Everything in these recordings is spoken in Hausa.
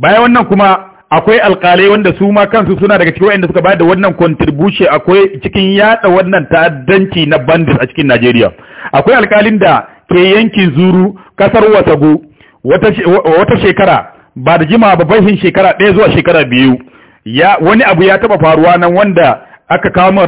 bayan wannan kuma akwai alkalai wanda su ma kansu suna daga cikin wanda suka bayar da wannan contribution akwai cikin yada wannan ta'addanci na bandits a cikin Najeriya akwai alkalin da ke yankin Zuru kasar Watago wata shekara ba da jima ba bashin shekara ɗaya zuwa shekara biyu ya wani abu ya taba faruwa nan wanda aka kawo min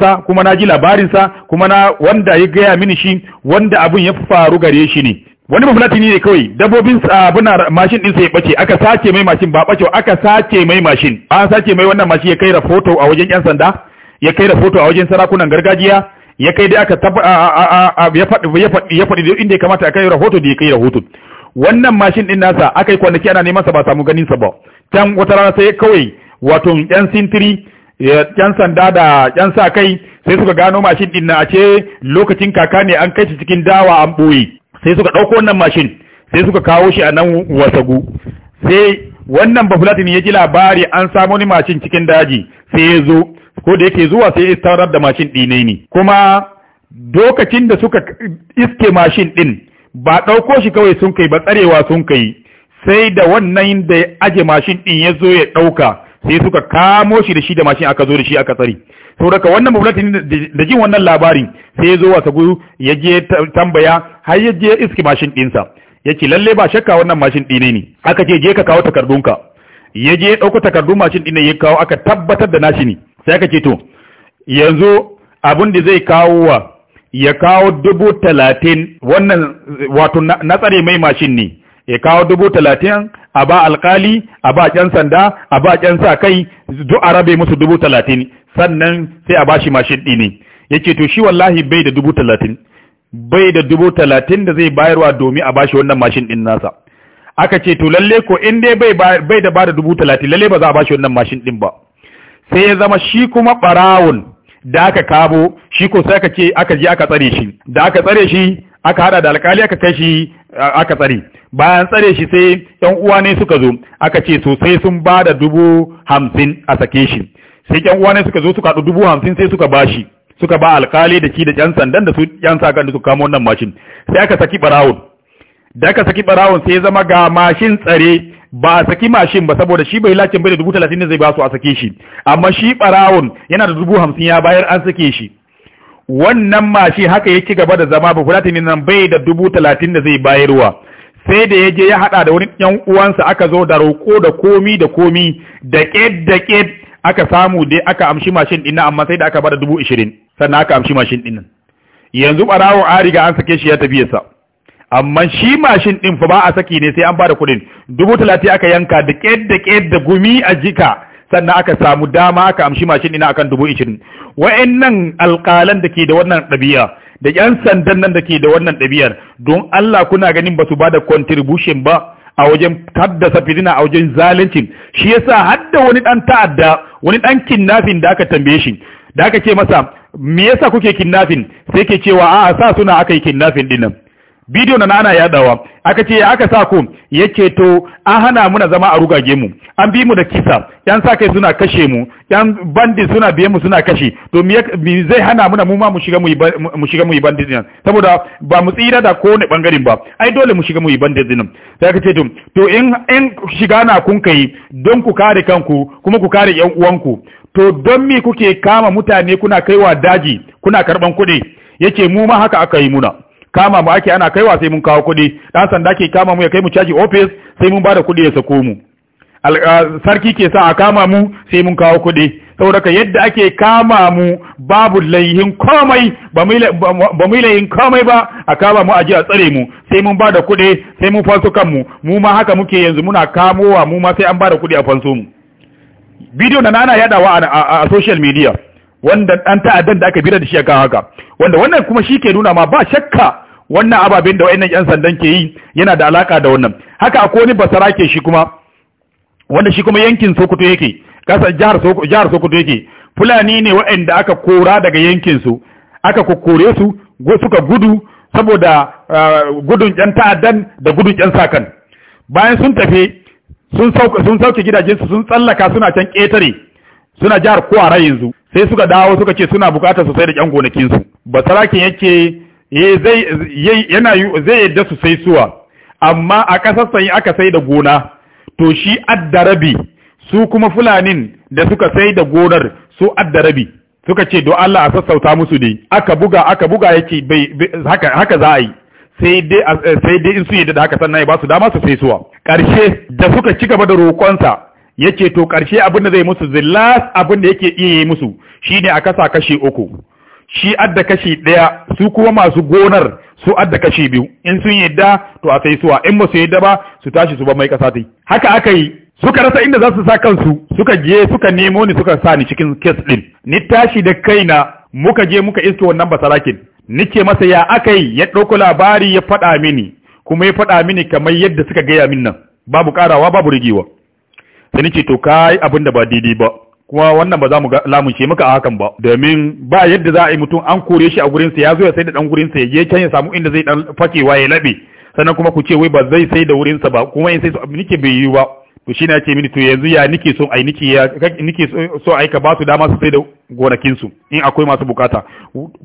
sa kuma na ji labarin sa kuma na wanda ya gaya mini shi wanda abun ya faru gare shi ne wani mafulatini ne kawai dabbobin abuna mashin din sai bace aka sace mai mashin ba bace aka sace mai mashin an sace mai wannan mashin ya kai rahoto a wajen yan sanda ya kai rahoto a wajen sarakunan gargajiya ya kai dai aka ya faɗi ya faɗi ya faɗi inda ya kamata a kai rahoto da ya kai rahoto wannan mashin din nasa aka yi kwanaki ana neman sa ba samu ganin sa ba can wata rana sai kawai wato yan sintiri yan sanda da yan sa kai sai suka gano mashin din na a ce lokacin kaka ne an kai shi cikin dawa an ɓoye sai suka ɗauko wannan mashin sai suka kawo shi a nan wasagu sai wannan bafulatin ya ji labari an samu wani mashin cikin daji sai ya zo ko da yake zuwa sai ya tarar da mashin ɗine ne kuma lokacin da suka iske mashin ɗin ba ɗauko shi kawai sun kai ba tsarewa sun kai sai da wannan da ya aje mashin ɗin ya zo ya ɗauka sai suka kamo shi da shi da mashin aka zo da shi aka tsari Sau daga wannan mafulatin da jin wannan labarin sai ya zo wasa gudu ya je tambaya har ya je iski mashin ɗinsa ya ce lalle ba shakka wannan mashin ɗine ne aka ce je ka kawo takardunka ya je ɗauko takardun mashin ɗin ya kawo aka tabbatar da nashi ne sai aka ce to yanzu abin da zai kawo wa ya kawo dubu talatin wannan wato na tsare mai mashin ne ya kawo dubu talatin a ba alkali a ba ƙyan sanda a ba ƙyan sa kai duk a rabe musu dubu talatin sannan sai a ba shi mashin ɗini ce to shi wallahi bai da dubu talatin bai da dubu talatin da zai bayarwa domin a ba shi wannan mashin ɗin nasa aka ce to lalle ko in dai bai bai da bada dubu talatin lalle ba za a ba shi wannan mashin ɗin ba sai ya zama shi kuma ɓarawun da aka kabo shi ko sai aka ce aka je aka tsare shi da aka tsare shi aka haɗa da alkali aka kai shi aka tsare bayan tsare shi sai yan uwa ne suka zo aka ce sai sun ba da dubu hamsin a sake shi sai yan uwa ne suka zo suka haɗu dubu hamsin sai suka ba shi suka ba alkali da shi da yan sandan da su yan sa da suka kama wannan mashin sai aka saki barawon da aka saki barawon sai ya zama ga mashin tsare ba a saki mashin ba saboda shi bai lakin bai da dubu talatin ne zai ba su a sake shi amma shi barawon yana da dubu hamsin ya bayar an sake shi wannan mashi haka ya ci gaba da zama ba fulatinin nan bai da dubu talatin da zai bayarwa sai da ya je ya haɗa da wani yan uwansa aka zo da roƙo da komi da komi da ƙet da ƙet aka samu dai aka amshi mashin ɗin amma sai da aka bada dubu ishirin sannan aka amshi mashin ɗin yanzu ɓarawo a riga an sake shi ya tafi yasa amma shi mashin ɗin fa ba a saki ne sai an bada kuɗin dubu talatin aka yanka da ƙet da ƙet da gumi a jika sannan aka samu dama aka amshi mashin ina akan dubu ishirin nan alƙalan da ke da wannan ɗabi'a da ƴan sandan nan da ke da wannan ɗabi'ar don Allah kuna ganin ba su ba da contribution ba a wajen haddasa fitina a wajen zalincin shi yasa hadda wani ɗan ta'adda wani ɗan kinnafin da aka tambaye shi da aka ce masa me yasa kuke kinnafin sai ke cewa a'a sa suna aka yi kinnafin dinnan bidiyo na ana yadawa aka ce aka sa ku yake to an hana muna zama a rugage mu an bi mu da kisa yan sa kai suna kashe mu yan bandi suna biye mu suna kashe to me zai hana muna mu ma mu shiga mu yi bandi din saboda ba mu tsira da ko ne bangaren ba ai dole mu shiga mu yi bandi din sai aka ce to to in in shiga na kun kai don ku kare kanku kuma ku kare yan uwanku to don me kuke kama mutane kuna kaiwa daji kuna karban kuɗi yake mu ma haka aka yi muna kama mu ake ana kaiwa sai mun kawo kuɗi dan sanda ke kama mu ya kai mu caji ofis sai mun bada kuɗi ya sako mu sarki ke sa a kama mu sai mun kawo kuɗi saboda ka yadda ake kama mu babu laihin komai ba mu laihin komai ba a kama mu ji a tsare mu sai mun ba da kuɗi sai mun fanso kanmu mu ma haka muke yanzu muna kamowa mu ma sai an ba da kuɗi a fansu mu bidiyo na nana yadawa a social media wanda ɗan ta'addan da aka bira da shi a haka wanda wannan kuma shi ke nuna ma ba shakka wannan ababen da wayannan yan sandan ke yi yana da alaka da wannan haka akwai wani basara ke shi kuma wanda shi kuma yankin Sokoto yake kasar jihar Sokoto jihar Sokoto yake Fulani ne wayanda aka kora daga yankin su aka kokore su suka gudu saboda gudun yan ta'addan da gudun yan sakan bayan sun tafi sun sauke sun sauke gidajensu sun tsallaka suna can ƙetare suna jihar Kwara yanzu sai suka dawo suka ce suna bukatar su sai da yan gonakin su basarakin yake yana zai yadda su sai suwa amma a ƙasar yi aka sai da gona to shi adda su kuma fulanin da suka sai da gonar su adda rabi suka ce don Allah a sassauta musu ne aka buga aka buga yake haka za a yi sai dai eh, in su yadda da haka sannan ya ba su dama su sai suwa ƙarshe da suka ci gaba da roƙonsa yace to ƙarshe abin da zai musu last abin da yake iya yi musu shine a kasa kashe uku shi adda kashi ɗaya su kuma masu gonar su adda kashi biyu in sun yadda to a sai suwa in ba su yadda ba su tashi su ba mai kasa yi haka aka yi suka rasa inda za su sa kansu suka je suka nemo ni suka sa ni cikin kes ɗin. ni tashi da kaina muka je muka iske wannan basarakin ce masa ya aka yi ya ɗauko labari ya faɗa mini kuma ya faɗa mini kamar yadda suka gaya min nan babu ƙarawa babu rigewa sai ni ce to kai abin da ba daidai ba kuma wannan ba za mu lamunce maka a hakan ba domin ba yadda za a yi mutum an kore shi a gurinsa ya zo ya sai da dan gurinsa ya je can ya samu inda zai dan fakewa ya labe sannan kuma ku ce wai ba zai sai da wurinsa ba kuma in sai su nike bai yi ba to shine ce mini to yanzu ya nike so ai nike ya nike so ai ka ba su dama su sai da gonakin su in akwai masu bukata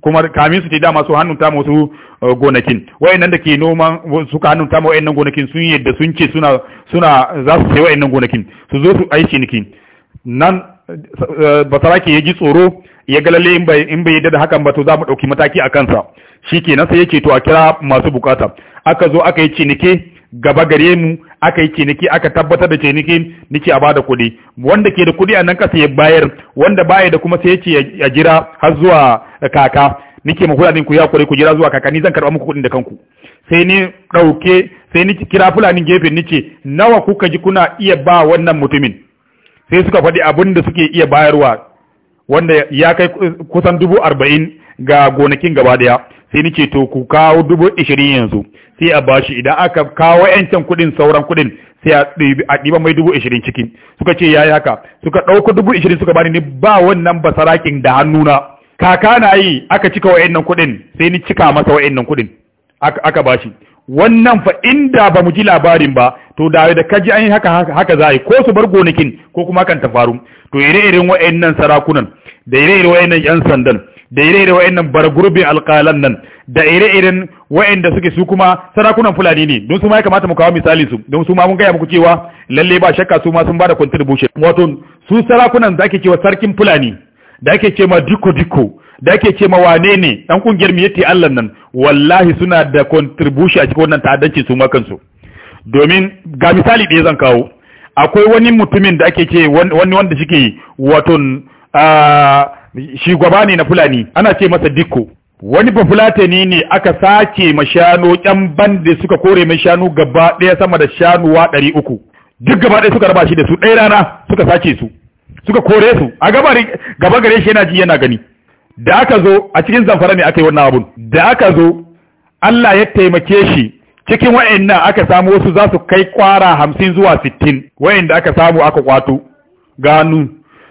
kuma kamin su ce dama su hannun ta su uh, gonakin wayannan da ke noman suka hannun ta wayannan gonakin sun yadda sun ce suna suna za su sai wayannan gonakin su zo su ai ciniki nan basarake ya ji tsoro ya ga lalle in bai yadda da hakan ba to za mu ɗauki mataki a kansa shi ke sai ya ce to a kira masu bukata aka zo aka yi cinike gaba gare mu aka yi ciniki aka tabbatar da ciniki nake a bada kuɗi wanda ke da kuɗi a nan kasa ya bayar wanda baya da kuma sai ya ce ya jira har zuwa kaka nake ma kuɗaɗen ku ya kure ku jira zuwa kaka ni zan karɓa muku kuɗin da kanku sai ni ɗauke sai ni kira fulanin gefe ni ce nawa kuka ji kuna iya ba wannan mutumin sai suka faɗi abin da suke iya bayarwa wanda ya kai kusan dubu arba'in ga gonakin gaba daya sai ni ce to ku kawo dubu ishirin yanzu sai a bashi idan aka kawo yancan kuɗin sauran kuɗin sai a ɗiba mai dubu ishirin ciki suka ce yayi haka suka ɗauko dubu ishirin suka bani ni ba wannan basarakin da hannuna kaka na yi aka cika nan kuɗin sai ni cika masa nan kuɗin aka bashi wannan fa inda ba mu ji labarin ba to da da kaji an yi haka haka za ko su bar gonakin ko kuma kan ta faru to ire-iren wa'annan sarakunan da ire-iren wa'annan yan sandan da ire-iren wa'annan bargurbin alƙalan nan da ire-iren wa'anda suke su kuma sarakunan fulani ne don su ma ya kamata mu kawo misalin su don su ma mun gaya muku cewa lalle ba shakka su ma sun bada contribution wato su sarakunan da ake cewa sarkin fulani da ake cewa diko diko da ake ce ma wane ne ɗan kungiyar mu yati Allah nan wallahi suna da contribution a cikin wannan ta'addanci su ma kansu domin ga misali ɗaya zan kawo akwai wani mutumin da ake ce wani wanda shike wato shugaba ne na fulani ana ce masa dikko wani bafulatani ne aka sace ma shanu ƴan da suka kore mai shanu gaba ɗaya sama da shanuwa ɗari uku duk gaba ɗaya suka raba shi da su ɗaya rana suka sace su suka kore su a gaba gare shi yana ji yana gani da aka zo a cikin zamfara ne aka yi wannan abun da aka zo Allah ya taimake shi cikin wa'annan aka samu wasu za su kai kwara hamsin zuwa sittin da aka samu aka kwato ganu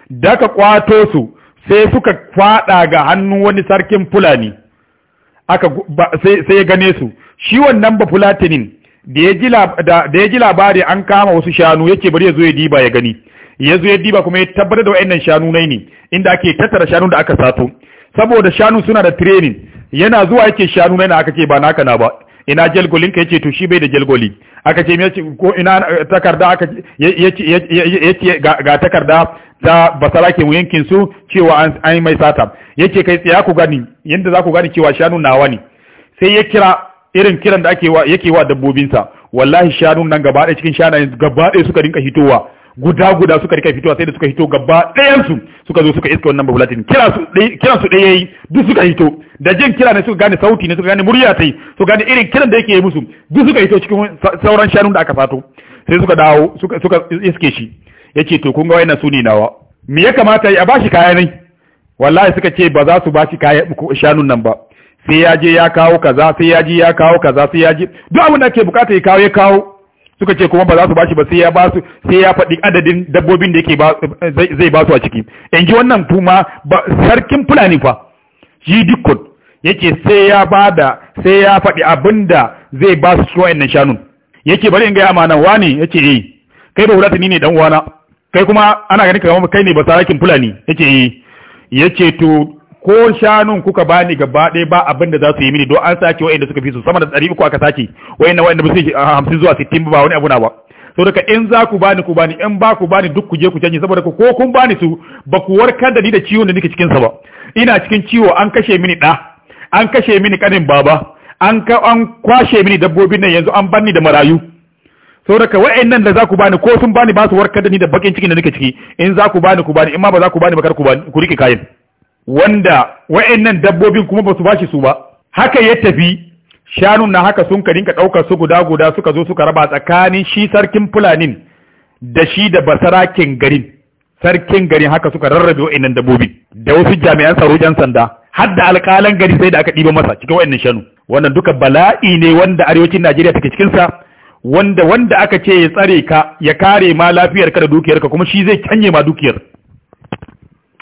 da aka kwato su sai suka fada ga hannu wani sarkin fulani aka sai ya gane su shi wannan ba fulatinin da ya ji labari an kama wasu shanu yake bari ya zo ya diba ya gani ya zo ya diba kuma ya tabbatar da wa'annan shanu nai ne inda ake tattara shanu da aka sato saboda shanu suna da training yana zuwa yake shanu mai na aka ce ba naka na ba ina jelgolin ka yace to shi bai da jelgoli aka ce ko ina eh, takarda aka yace yace ga takarda ta basara ke mu yankin su cewa an ai mai sata yace kai tsaya ku gani yanda za ku gani cewa shanu nawa ne sai ya kira irin kiran da ake wa yake wa dabbobinsa wallahi shanun nan gaba ɗaya cikin shanayen gaba ɗaya suka rinka hitowa guda guda suka rika fitowa sai da suka hito gaba ɗayansu suka zo suka iska wannan babulatin kira su kiran su ɗaya yi duk suka hito da jin kira ne suka gane sauti ne suka gane murya yi suka gane irin kiran da yake yi musu duk suka hito cikin sauran shanun da aka fato sai suka dawo suka iske shi ya ce to kun ga wayannan suni nawa me ya kamata ya bashi kaya ne wallahi suka ce ba za su bashi kaya shanun nan ba sai ya je ya kawo kaza sai ya je ya kawo kaza sai ya je duk abin da ake bukata ya kawo ya kawo suka ce kuma ba za su bashi ba sai ya ba su sai ya faɗi adadin dabbobin da yake zai ba su a ciki in ji wannan kuma sarkin fulani fa shi dukkan yake sai ya ba da sai ya faɗi abin da zai ba su cikin wa'annan shanun yake bari in ga amana wani yace eh kai ba hulata ni ne dan uwana kai kuma ana ganin ka kai ne ba sarakin fulani yace eh yace to ko shanun kuka bani gaba ɗaya ba abin da za su yi mini don an sace wa'anda suka fi su sama da ɗari uku aka sace wa'anda wa'anda ba su ah, hamsin zuwa sittin ba wani abu na ba so daga in za ku bani ku bani in ba ku bani duk ku je ku canji saboda ko kun bani su ba ku warkar da ni da ciwon da nake cikin sa ba ina cikin ciwo an kashe mini ɗa an kashe mini kanin baba an ka an kwashe mini dabbobin nan yanzu an banni da marayu so daga wa'annan da za ku bani ko sun bani ba su warkar da ni da bakin cikin da nake ciki in za ku bani ku bani in ma ba za ku bani ba kar ku bani ku rike kayan wanda wa'annan dabbobin kuma ba su bashi su ba haka ya tafi shanun na haka sun ka rinka ɗaukar su guda guda suka zo suka raba tsakanin shi sarkin fulanin da shi da basarakin garin sarkin garin haka suka rarrabe wa'annan dabbobi. da wasu jami'an tsaro jan sanda har da alƙalan gari sai da aka ɗiba masa cikin wa'annan shanu wannan duka bala'i ne wanda arewacin Najeriya take cikin sa wanda wanda aka ce ya tsare ka ya kare ma lafiyarka da dukiyarka kuma shi zai canye ma dukiyar